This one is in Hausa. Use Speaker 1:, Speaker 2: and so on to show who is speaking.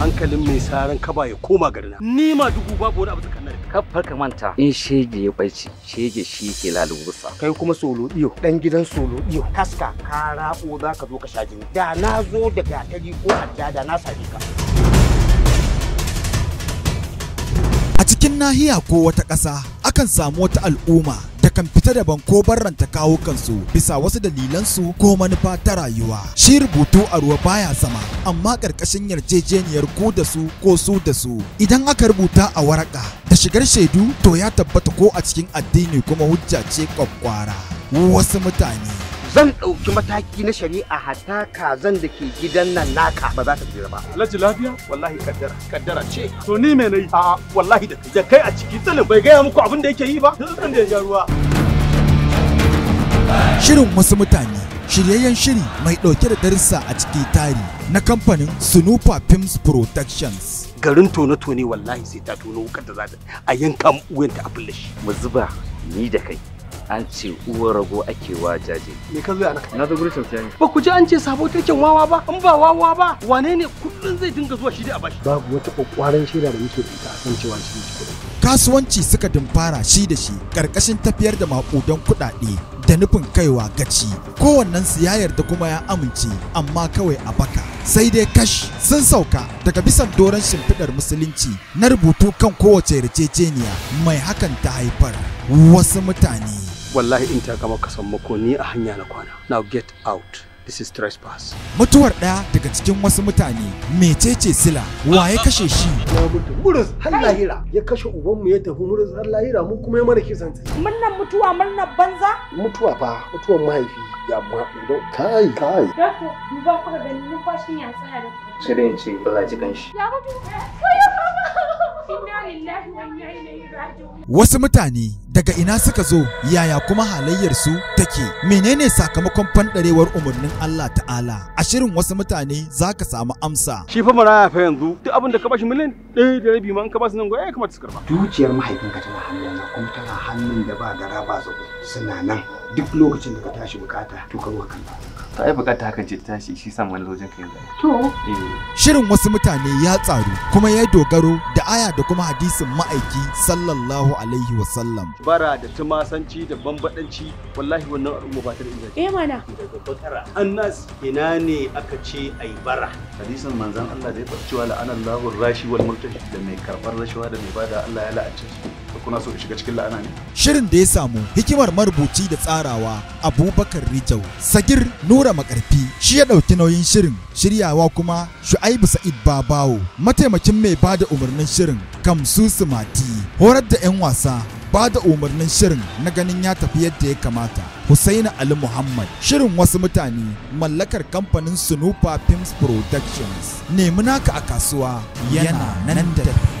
Speaker 1: hankalin mai saran kaba ya koma garina ni ma dubu babu wani abu tsakanin kafar ka manta in shege ya barci shege shi ke lalubusa kai kuma solo iyo dan gidan solo iyo kaska ka rabo za ka zo ka sha jini da na zo da gatari ko adda da na sare ka a cikin nahiya ko wata ƙasa akan samu wata al'umma kan fita daban ko barranta kawo kansu bisa wasu dalilansu ko manufa ta rayuwa shi rubutu a ruwa baya zama amma ƙarƙashin yarjejeniyar ku da su ko su da su idan aka rubuta a waraka da shigar shaidu to ya tabbata ko a cikin addini kuma hujja ce kwakwara wasu mutane zan ɗauki mataki na shari'a hatta kazan da ke gidan nan naka ba za ta jira ba. Alhaji lafiya wallahi kaddara kaddara ce. To ni me nayi? a wallahi da kai a ciki tsalin bai gaya muku abin da yake yi ba. Duk da ya ruwa. Shirin wasu mutane shiryayyen shiri mai ɗauke da darussa a ciki tari na kamfanin Sunupa Films Productions. Garin tone-tone wallahi sai ta tono wukar da zata a yanka ta a lashi. Mu zuba ni da kai an ce uwar rago ake wa jaje. Me ka zo yana? Na zo gurin sauki ne. Ba ku ji an ce sabo take wawa ba, in ba wawa ba, wane ne kullum zai dinga zuwa shi dai a bashi. Babu wata kwakwaran shirya da muke da ita a kan cewa shi ne Kasuwanci suka dumfara shi da shi ƙarƙashin tafiyar da maƙudan kuɗaɗe da nufin kaiwa gaci su ya yarda kuma ya amince amma kawai a baka sai dai kash sun sauka daga bisan doron shimfiɗar musulunci na rubutu kan kowace yarjejeniya mai hakan ta haifar wasu mutane wallahi in ta gama kasan mako a hanya na kwana now get out This is trespass. Mutuwar ɗaya daga cikin wasu mutane mecece sila wa ya kashe shi. Ya mutu har lahira ya kashe ubanmu ya tafi murus har lahira mu kuma ya mana kisan tsaye. Murnan mutuwa murnan banza. Mutuwa ba mutuwan mahaifi ya ma ido kai kai. Dato duba kuka gani numfashin ya tsaya da ku. Sai dai ce Allah ji kanshi. Ya mutu. Kai ya fama. Inna lillahi wa inna ilaihi raji'un. Wasu mutane daga ina suka zo yaya kuma halayyarsu take menene sakamakon fandarewar umarnin Allah ta'ala a shirin wasu mutane za ka samu amsa shi fa maraya fa yanzu duk abin da ka bashi miliyan ɗaya da rabi ma in ka basu nan goya ya kamata su karba dukiyar mahaifinka tana hannuna kuma tana hannun da ba gara ba zago suna nan duk lokacin da ka tashi bukata to ka ruwa kan ta ai bukata hakan ce ta tashi shi sa mallojin ka yanzu to eh. shirin wasu mutane ya tsaru kuma ya dogaro da aya da kuma hadisin ma'aiki sallallahu alaihi wasallam bara da tumasanci da bambadanci wallahi wannan al'umma ba ta da inganci eh mana daga bakara annas ina ne aka ce ai bara hadisin manzon Allah da ya faɗi cewa la'anallahu rashi wal murtashi da mai karbar rashawa da mai bada Allah ya la'anci. su kuna so shiga cikin la'ana ne. Shirin da ya samu hikimar marubuci da tsarawa Abubakar Rijau, Sagir Nura Makarfi shi ya ɗauki nauyin shirin, shiryawa kuma Shu'aibu Sa'id Babawo, mataimakin mai bada umarnin shirin Kamsu Sumati, horar da 'yan wasa ba da umarnin shirin na ganin ya tafi yadda ya kamata. Hussaini Ali Muhammad shirin wasu mutane mallakar kamfanin Sunupa Films Productions. Nemi naka a kasuwa yana nan da